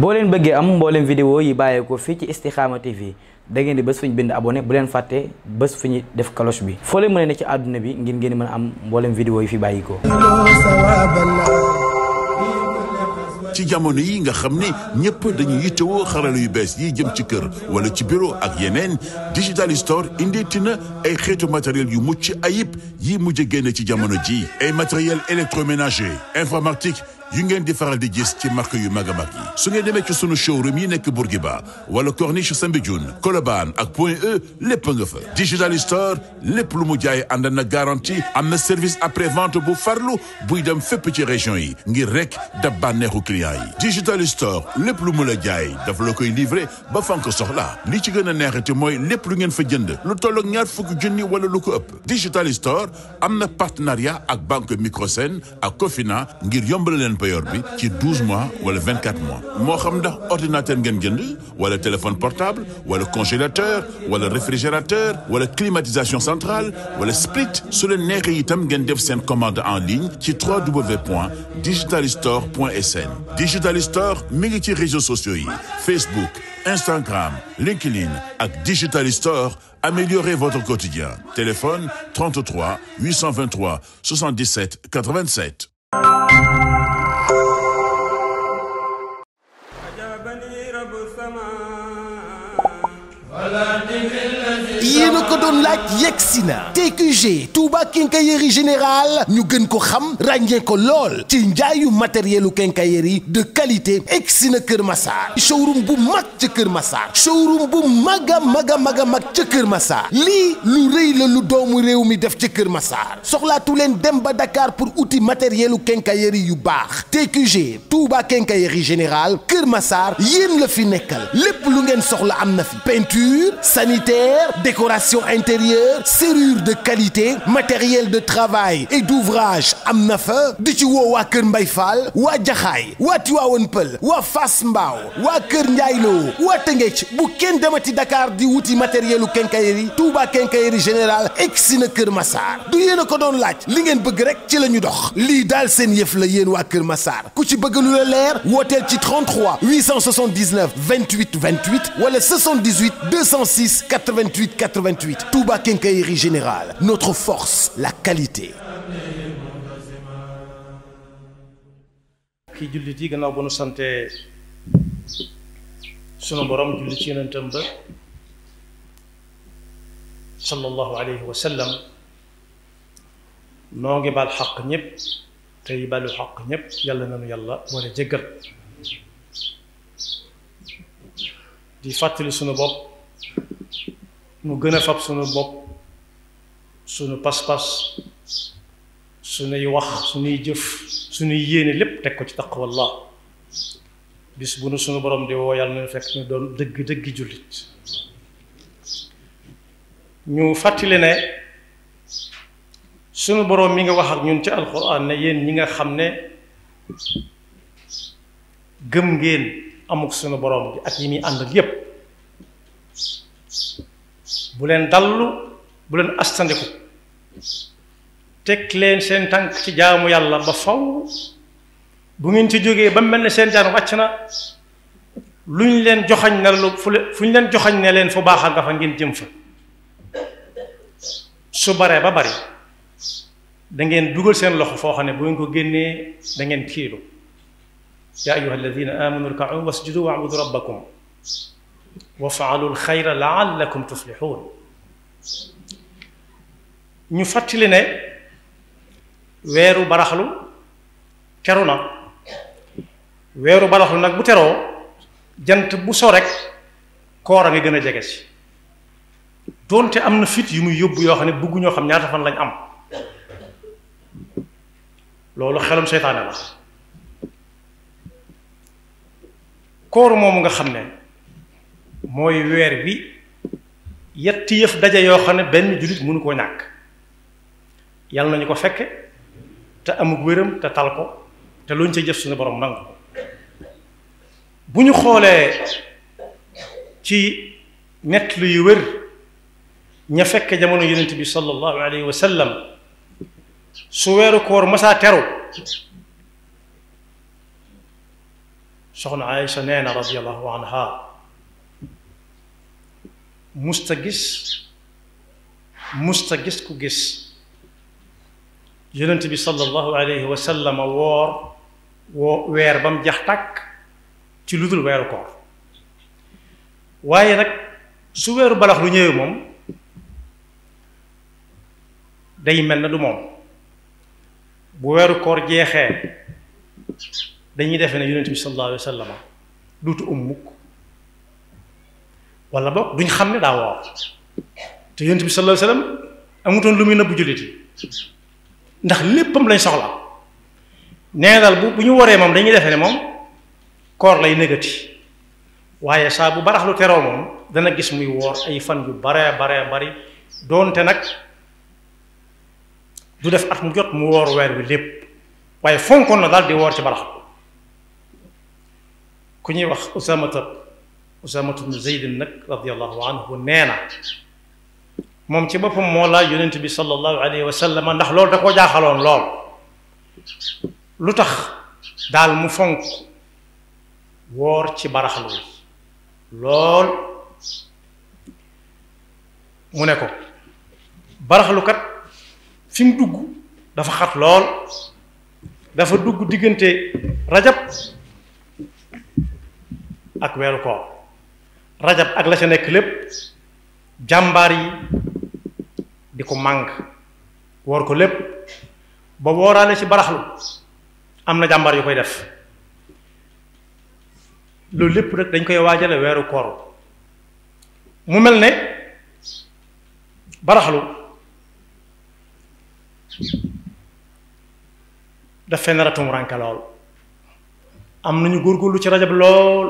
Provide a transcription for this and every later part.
boo leen bëggee am mbooleem vidéo yi bàyyeekoo fii ci Istikhama TV da ngeen di bés fu ñu bind abonné bu leen fàtte bés fu def cloche bi foo leen mën a ci àdduna bi ngir ngeen mën a am mbooleem vidéo yi fi bàyyikoo ci jamono yi nga xam ne ñëpp dañuy yittewoo xarala yu bees yi jëm ci kër wala ci bureau ak yeneen digital store indeeti na ay xeetu matériel yu mucc ayib yi mujj génne ci jamono ji ay matériel électroménager informatique yu ngeen di faral di gis ci marque yu mag a mag yi su ngeen demee ci sunu showroom mi nekk Bourguiba wala Corniche Soumbédioune Colobane ak Point E lépp nga fa digital store lépp lu mu jaay ànd na garantie am na service après vente bu farlu buy dem fépp ci région yi ngir rek da bànneexu client yi digital store lépp lu mu la jaay dafa la koy livrer ba fan ko soxla li ci gën a neexati mooy lépp lu ngeen fa jënd lu tollook ñaar fukki junni wala lu ko ëpp digital am na partenariat ak banque Microsen ak Cofina ngir yombal leen payor bi ci 12 mois wala 24 mois moo xam ndax ordinateur ngeen jënd wala téléphone portable wala congélateur wala réfrigérateur wala climatisation centrale wala split su leen neexee itam ngeen def seen commande en ligne ci www.digitalistore.sn Digitalistore mi ngi ci réseaux sociaux yi Facebook Instagram LinkedIn ak Digitalistore Améliorez votre quotidien. Téléphone 33 823 77 87. ko doon laaj na TQG Touba Quincaillerie Générale ñu gën ko xam ràññee ko lool ci njaayu matériel u quincaillerie de qualité egg na Kër Massar showroom bu mag ca Kër Massar showroom bu mag mag a mag ca Kër Massar lii lu rëy la lu doomu réew mi def ca Kër Massar soxlaatu leen dem ba Dakar pour outil matériel u quincaillerie yu baax TQG Touba Quincaillerie Générale Kër Massar yéen la fi nekkal lépp lu ngeen soxla am na fi peinture sanitaire décoration. décoration intérieure serrure de qualité matériel de travail et d'ouvrage am na fa di ci woo waa Kër Mbay Fall waa Jaxaay waa Tiwaawan Pël waa Fass Mbaaw waa Kër Njaayloo waa Tëngéej bu kenn demati Dakar di wuti matériel u quincaillerie Touba quincaillerie générale egsi na Kër Massar du yéen a ko doon laaj li ngeen bëgg rek ci la ñu dox lii daal seen yëf la yéen waa Kër Massar ku ci bëgg lu la leer wooteel ci 33 879 28 28 wala 78 206 88 88 2018, Touba Quincaillerie Générale, notre force, la qualité. kii jullit yi gannaaw ba nu sante sunu borom julli ci yonentam ba sallallahu alayhi wa sallam noo ngi baal xaq ñëpp tey baalu xaq ñëpp yàlla nanu yàlla boole jéggal di fàttali sunu bopp mu gën a fab sunu bopp sunu pas-pas sunuy wax sunuy jëf sunuy yéene lépp teg ko ci taqwallah bis bu nu sunu borom di woo yàlla na fekk ñu doon dëgg dëggi jullit ñu fàttali ne sunu borom mi nga wax ak ñun ci alquran ne yéen ñi nga xam ne gëm ngeen amuk sunu borom bi ak yi muy ànd ak yépp bu leen dallu bu leen astandiku teg leen seen tànk ci jaamu yàlla ba faw bu ngeen ci jógee ba mel ne seen jaan wàcc na lu ñu leen joxañ ne lu fu ñu leen joxañ ne leen fu baax a nga fa ngeen jëm fa su baree ba bari da ngeen dugal seen loxo foo xam ne bu ngeen ko génnee da ngeen kiilu yaa ayyuha alladina amanu rkau wasjudu waabudu rabbakum wafaalul xayra laallakum tuflixuun ñu fàttali ne weeru baraxlu teru na weeru baraxlu nag bu teroo jant bu so rek koor a ngi gën a jege si doonte am na fit yu muy yóbbu yoo xam ne bëggu ñoo xam ñaata fan lañ am loolu xelum seytaane la koor moomu nga xam ne mooy weer bi yetti yëf daje yoo xam ne benn jullit mënu koo ñàkk yàlla nañu ko fekke te amug wéram te tal ko te luñ ca jëf suñu borom nangu bu ñu xoolee ci nett lu yu wér ña fekk jamono yonent bi sallallahu alayhi wa su weeru koor masaa teru soxna Aïcha nee na radiyallahu anha musta gis musta gis ku gis yonent bi sallallahu alayhi wa sallam woor woo weer bam jax tàkk ci lu dul weeru koor waaye nag su weeru balax lu ñëwee moom day mel na du moom bu weeru koor jeexee dañuy defe ne yonent bi sallallahu alayhi wa duutu um mukk wala boog duñ xam ne daa woor te yonent bi sallallahu alayhi amutoon lu muy nëbbu jullit yi ndax léppam lañ soxla nee daal bu bu ñu waree moom dañuy defe ne moom koor lay négati waaye saa bu baraxlu teroo moom dana gis muy woor ay fan yu bare bare bari doonte nag du def at mu jot mu woor weer wi lépp waaye fonkoon na daal di woor ci baraxlu ku ñuy wax Usaamata Usaamatu bnu Zeydin nag radiyallahu anhu nee na moom ci boppam moo laaj yonent bi sallallahu alayhi wa sallam ndax loolu da koo jaaxaloon lool lu tax daal mu fonk woor ci baraxlu lool mu ne ko baraxlukat fi mu dugg dafa xat lool dafa dugg diggante rajab ak weeru koor rajab ak la ca nekk lépp jàmbaar yi di ko màng woor ko lépp ba wooraale ci baraxlu am na jàmbaar yu koy def loolu lépp rek dañ koy waajale weeru koor mu mel ne baraxlu def fee nar a lool am nañu góorgóorlu ci rajab lool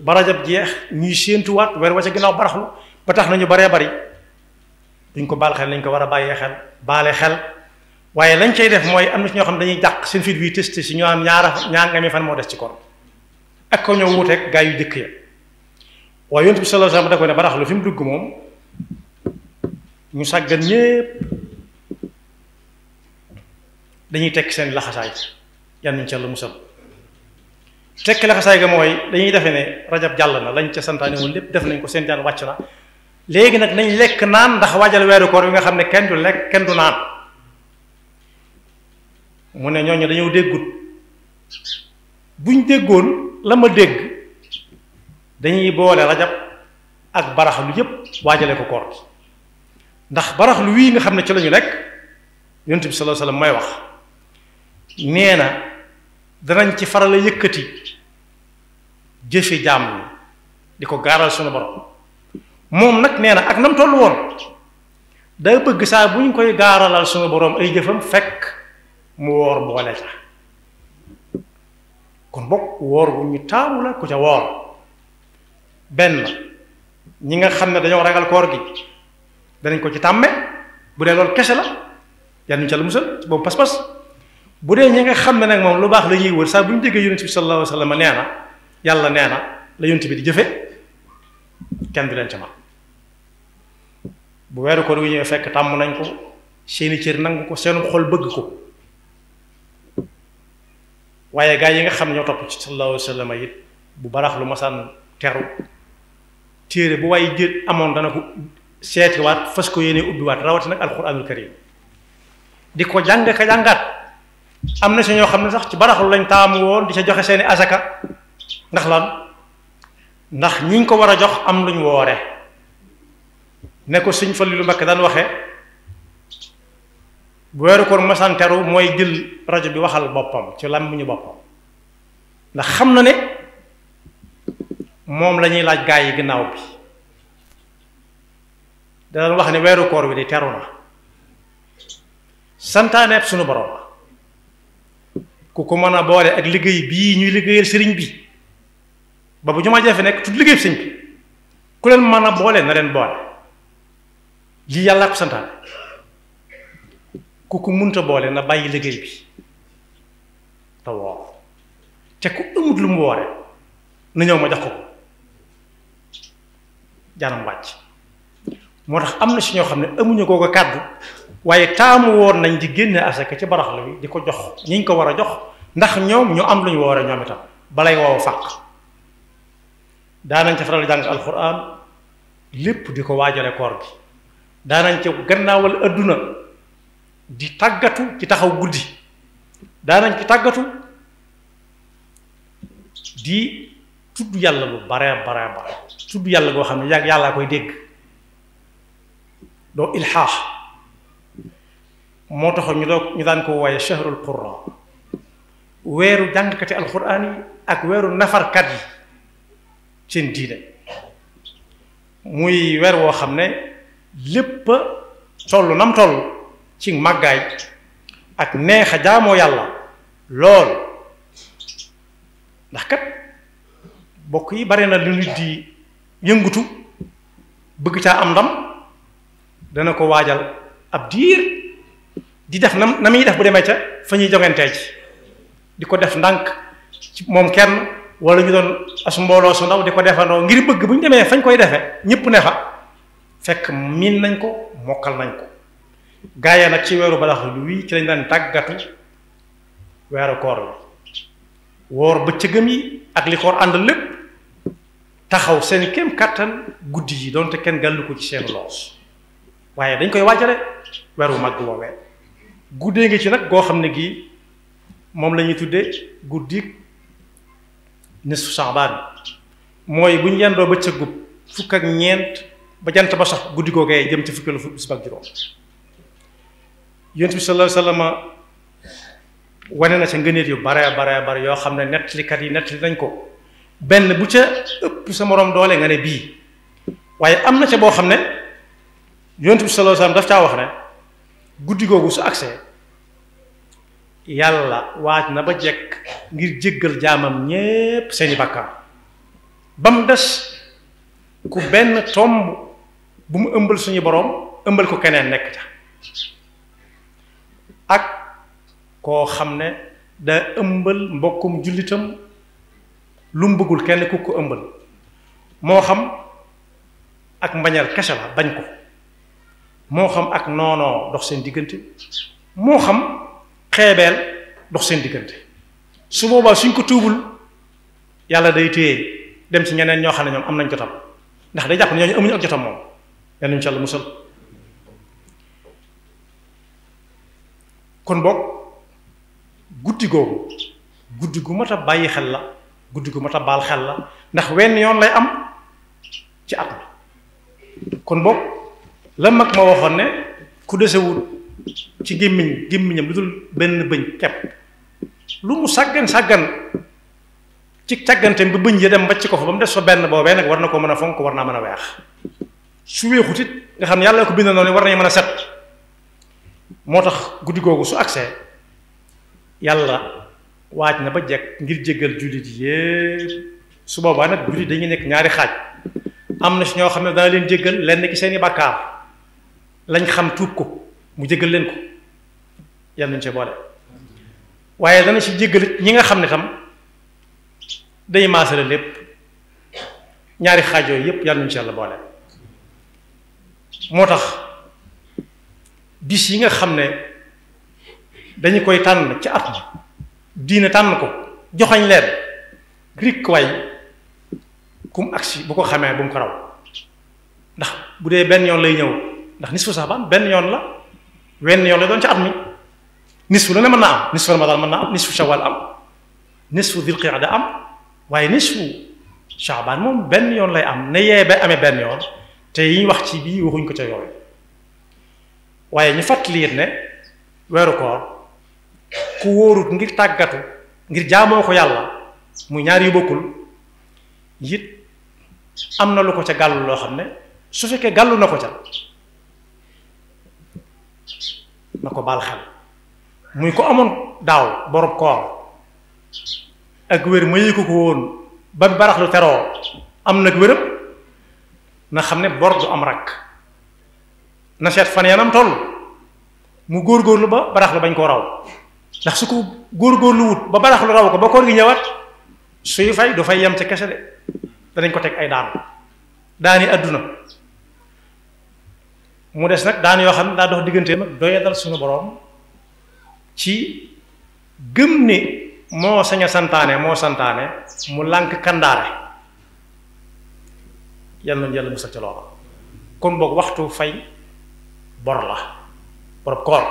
ba rajab jeex ñuy séentuwaat weer wa ca ginnaaw baraxlu ba tax nañu baree bari duñ ko baal xel lañ ko war a bàyyee xel baale xel waaye lañ cay def mooy am na ci ñoo xam dañuy jàq seen fit bii testé si ñu am ñaara ñaar nga mi fan moo des ci koor ak ko ñoo wuuteeg gaa yu jëkk ya waaye yonent bi sallallahu alayhi wasallam da ne baraxlu fi mu dugg moom ñu sàggan ñépp dañuy tekk seen laxasaay yan nañ ca la musal tekki laxasaay ga mooy dañuy defe ne rajab jàll na lañ ca santaane woon lépp def nañ ko seen jaan wàcc na léegi nag nañ lekk naan ndax waajal weeru koor bi nga xam ne kenn du lekk kenn du naan mu ne ñooñu dañoo déggut buñ déggoon la ma dégg dañuy boole rajab ak baraxlu yépp waajale ko koor gi ndax baraxlu wii nga xam ne ci lañu lekk yonent bi sallallahu alayhi wasallam mooy wax nee na danañ ci farala yëkkati jëfi jaam ñi di ko gaaral sunu borom moom nag nee na ak nam tollu woon daa bëgg saa bu ñu koy gaaralal sunu borom ay jëfam fekk mu woor boole ca kon bokk woor bu ñu taamu la ku ca woor benn ñi nga xam ne dañoo ragal koor gi danañ ko ci tàmme bu dee loolu kese la yal nañu ca la musal boobu pas-pas bu dee ñi nga xam ne nag moom lu baax la ñuy wër saa bu ñu déggee yonent bi sallallahu alayhi wa sallam nee na yàlla nee na la yonent bi di jëfe kenn du leen ca man bu weeru koor wi ñëwee fekk tàmm nañ ko seeni cër nangu ko seenum xool bëgg ko waaye gaa yi nga xam ñoo topp ci sallallahu alayhi wa sallam bu barax lu masan teru téere bu waaye jël amoon dana ko seetiwaat fas ko yéene ubbiwaat rawati nag alquranul karim di ko jàng ka jàngaat am na si ñoo xam ne sax ci baraxlu lañ taamu woon di sa joxe seeni asaka ndax lan ndax ñiñ ko war a jox am luñ woore ne ko suñ Faliilu Mbàkke daan waxe bu weeru koor masanteru mooy jël rajo bi waxal boppam ci làmmiñu boppam ndax xam na ne moom la ñuy laaj gaa yi ginnaaw bi wax ne weeru koor wi di teru na santaaneeb sunu borom ku ko mën a boole ak liggéey bii ñuy liggéeyal sëriñ bi ba bu ñu ma jafe nekk tudd liggéey sëñ bi ku leen mën a boole na leen boole lii yàlla ko santaane ku ko munta boole na bàyyi liggéey bi te woor te ku amut lu mu woore na ñëw ma jox ko jaanam wàcc moo tax am na si ñoo xam ne amuñu koo kàddu waaye taamu woon nañ di génne asaka ci baraxlu bi di ko jox ñi ñu ko war a jox ndax ñoom ñoo am lu ñu woore ñoom itam balay wow woow fàq daanañ ca faral jàng alxuraan lépp di ko waajale koor gi daanañ ca gannaawal di tàggatu ci taxaw guddi daanañ ci tàggatu di tudd yàlla lu bare bare bare tudd yàlla goo xam ne yàllaa koy dégg doo ilxaax moo tax ñu ñu daan ko wooye shahrul qurra weeru jàngkati alquran ak weeru nafarkat yi seen diine muy weer woo xam ne lépp toll nam toll ci màggaay ak neex a jaamoo yàlla lool ndax kat bokk yi bari na lu nit di yëngutu bëgg caa am ndam dana ko waajal ab diir di def na na muy def bu demee ca fa ñuy jongantee ci di ko def ndànk ci moom kenn wala ñu doon as mbooloo su ndaw di ko defandoo ngir bëgg bu ñu demee fañ koy defee ñëpp ne fa fekk miin nañ ko mokkal nañ ko gaayee nag ci weeru badax lu wii ci lañ daan tàggatu weeru koor bi woor bëccëgam yi ak li koor ànd lépp taxaw seen kéem kàttan guddi yi doonte kenn gàllu ko ci seen loos waaye dañ koy waajale weeru màgg woowee guddee nga ci nag goo xam ne gii moom lañuy tudde guddi guddik nisfu Sha'ban mooy bu ñu yendoo bëccëgu fukk ak ñeent ba jant ba sax guddi googee jëm ci fukkeelu fukk bis ba ak wane na ca ngëneet yu bare bare yoo xam ne nettalikat yi nettali nañ ko benn bu ca ëpp sa moroom doole nga ne bii waaye am na ca boo xam ne yonent bi sallallahu daf caa wax ne guddi googu su agsee yàlla waaj na ba jekk ngir jéggal jaamam ñépp seeni bàkkaar ba mu des ku benn tomb bu mu ëmbal suñu boroom ëmbal ko keneen nekk ca ak koo xam ne da ëmbal mbokkum jullitam lu mu bëggul kenn ku ko ëmbal moo xam ak mbañal kese la bañ ko moo xam ak noonoo dox seen diggante moo xam xeebeel dox seen diggante su boobaa suñ ko tuubul yàlla day téye dem ci ñeneen ñoo xam ne ñoom am nañ jotam ndax day jàpp ne ñooñu amuñu ak jotam moom yal nañu ci yàlla musal kon boog guddi googu guddi gu mat a bàyyi xel la guddi gu mat a baal xel la ndax wenn yoon lay am ci at la kon boog la mag ma waxoon ne ku desewul ci gémmiñ gémmiñam lu dul benn bëñ kepp lu mu sàggan sàggan ci càgganteem ba bëñ ya dem mbàcc ko fa ba mu des fa benn boobee nag war na ko mën a fonk war naa mën a weex su weexut it nga xam ne yàlla ko bind noonu war nañu mën a set moo tax guddi googu su agsee yàlla waaj na ba jekk ngir jéggal jullit yépp su boobaa nag jullit dañuy nekk ñaari xaaj am na si ñoo xam ne dana leen jéggal lenn ki seeni bàkkaar lañ xam tuub ko mu jéggal leen ko yal nañu ci boole waaye dana ci jéggalit ñi nga xam ne tam day maasale lépp ñaari xaaj yooyu yépp yal nañu ci yàlla boole moo tax bis yi nga xam ne dañu koy tànn ci at diine tànn ko joxañ leen rikk waay kum agsi bu ko xamee bu mu ko raw ndax bu dee benn yoon lay ñëw ndax nisfu sax ban benn yoon la wenn yoon la doon ci at mi nisfu la ne mën naa am nisfu ramadan mën naa am nisfu shawal am nisfu dil qida am waaye nisfu shaaban moom benn yoon lay am ne yee ba amee benn yoon te yi wax ci bii waxuñ ko ca yooyu waaye ñu fàttali ne weeru koor ku wóorut ngir tàggatu ngir jaamoo ko yàlla muy ñaar yu bokkul it am na lu ko ca gàllu loo xam ne su fekkee gàllu na ko ca na ko baal xel muy ko amoon daaw borom koor ak wér ma yëgu ko woon ba barax lu teroo am nag wérëb na xam ne bor du am rakk na seet fan yanam toll mu góor góorgóorlu ba barax lu bañ koo raw ndax su ko góorgóorlu wut ba barax lu raw ko ba koor gi ñëwaat suy fay du fay yem ca kese de danañ ko teg ay daan daani àdduna mu des nag daan yoo xam ne daa dox digganteem ak doyadal suñu boroom ci gëm ni moo sañ a santaane moo santaane mu lànk kandaare yal nañu yàlla musal ci kon boog waxtu fay bor la borob koor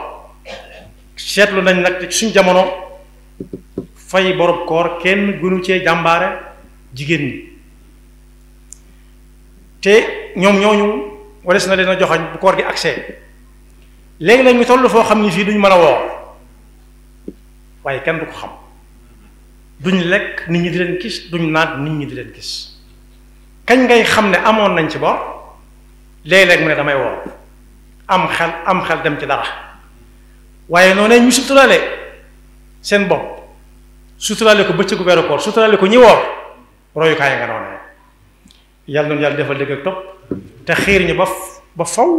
seetlu nañ nag suñ jamono fay borob koor kenn gënu cee jàmbaare jigéen ñi te ñoom ñooñu wares na leen a joxañ bu koor gi accès léegi nag ñu toll foo xam ni fii duñ mën a woor waaye kenn du ko xam duñ lekk nit ñi di leen gis duñ naat nit ñi di leen gis kañ ngay xam ne amoon nañ ci bor léeg-léeg mu ne damay woor am xel am xel dem ci dara waaye noonu ñu suturaale seen bopp suturaale ko bëccëgu weeru koor suturaale ko ñi woor royukaay nga noonu yàlla noonu yàlla defal dëgg ak topp te xiir ñu ba ba faw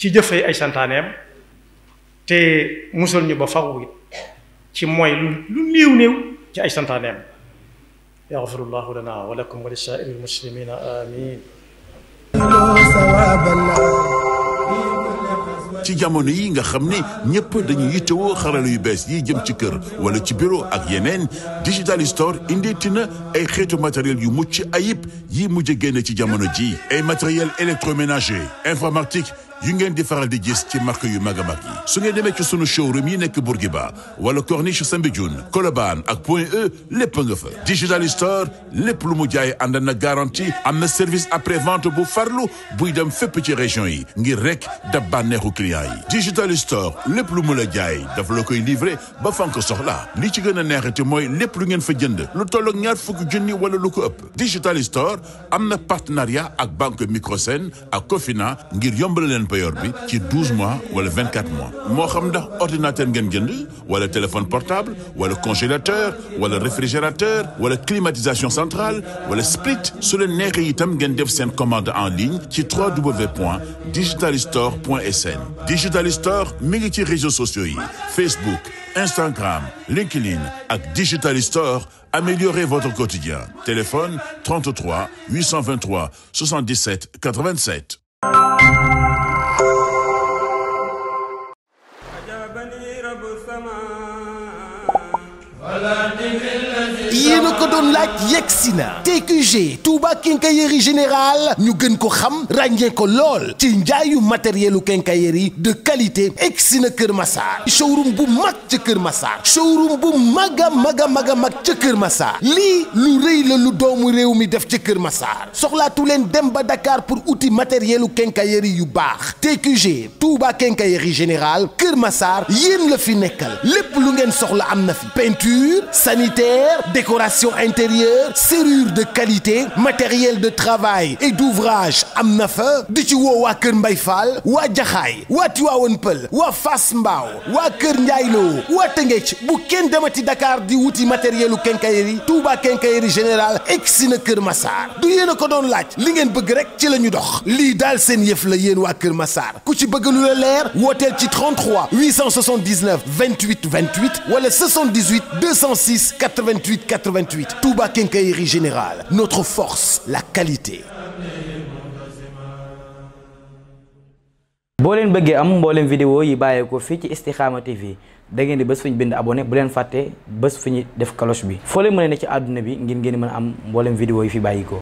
ci jëfee ay santaaneem te musal ñu ba faw it ci mooy lu lu néew néew ci ay santaaneem yaxfirullahu lana wa lakum li saa'iril muslimina amin ci jamono yi nga xam ni ñëpp dañu yittewoo xarala yu bees yi jëm ci kër wala ci bureau ak yeneen digital store indeeti na ay xeetu matériel yu mucc ayib yi mujj génne ci jamono ji ay matériel électroménager informatique yu ngeen di faral di gis ci marque yu mag a mag yi su ngeen demee ci sunu showroom mi nekk Bourguiba wala Corniche Soumbédioune Colobane ak Point E lépp nga fa digital store lépp lu mu jaay ànd na garantie am na service après vente bu farlu buy dem fépp ci région yi ngir rek da bànneexu client yi digital store lépp lu mu la jaay dafa la koy livré ba fan ko soxla li ci gën a neexati mooy lépp lu ngeen fa jënd lu tolloog ñaar fukki junni wala lu ko ëpp digital store am na partenariat ak banque Microsen ak Cofina ngir yombal payoor bi ci 12 mois wala 24 mois moo xam ndax ordinateur ngeen jënd wala téléphone portable wala congélateur wala réfrigérateur wala climatisation centrale wala split su leen neexee itam ngeen def seen commande en ligne ci www.digitalistore.sn Digitalistore mi ngi ci réseaux sociaux yi Facebook Instagram LinkedIn ak Digital Store améliorez votre quotidien téléphone 33 823 77 87 ko doon laaj yegsi na TQG Touba Quincaillerie Générale ñu gën ko xam ràññee ko lool ci njaayu matérielu quincaillerie de qualité egsi na Kër Massar showroom bu mag ca Kër Massar showroom bu mag mag a mag ca Kër Massar lii lu rëy la lu doomu réew mi def ca Kër Massar soxlaatu leen dem ba dakaar pour outil matérielu quincaillerie yu baax TQG Touba Quincaillerie Générale Kër Massar yéen la fi nekkal lépp lu ngeen soxla am na fi peinture sanitaire décoration décoration intérieure serrure de qualité matériel de travail et d'ouvrage am na fa di ci woo waa Kër Mbay Fall waa Jaxaay waa Tiwaawan Pël waa Fass wa waa Kër Njaayloo waa Tëngéej bu kenn demati Dakar di wuti matérielu quincaillerie Touba quincaillerie générale egsi na Kër Massar du yéen a ko doon laaj li ngeen bëgg rek ci la ñu dox lii daal seen yëf la yéen waa Kër Massar ku ci bëgg lu la leer wooteel ci 33 879 28 28 wala 78 206 88 88 gratuite. Touba Quincaillerie Générale. Notre force, la qualité. boo leen bëggee am mbooleem vidéo yi bàyyeekoo fii ci Istikhama TV da ngeen di bés fu ñu bind abonné bu leen fàttee bés fu ñu def cloche bi foo leen mën ne ci àdduna bi ngir ngeen mën a am mbooleem vidéo yi fi bàyyikoo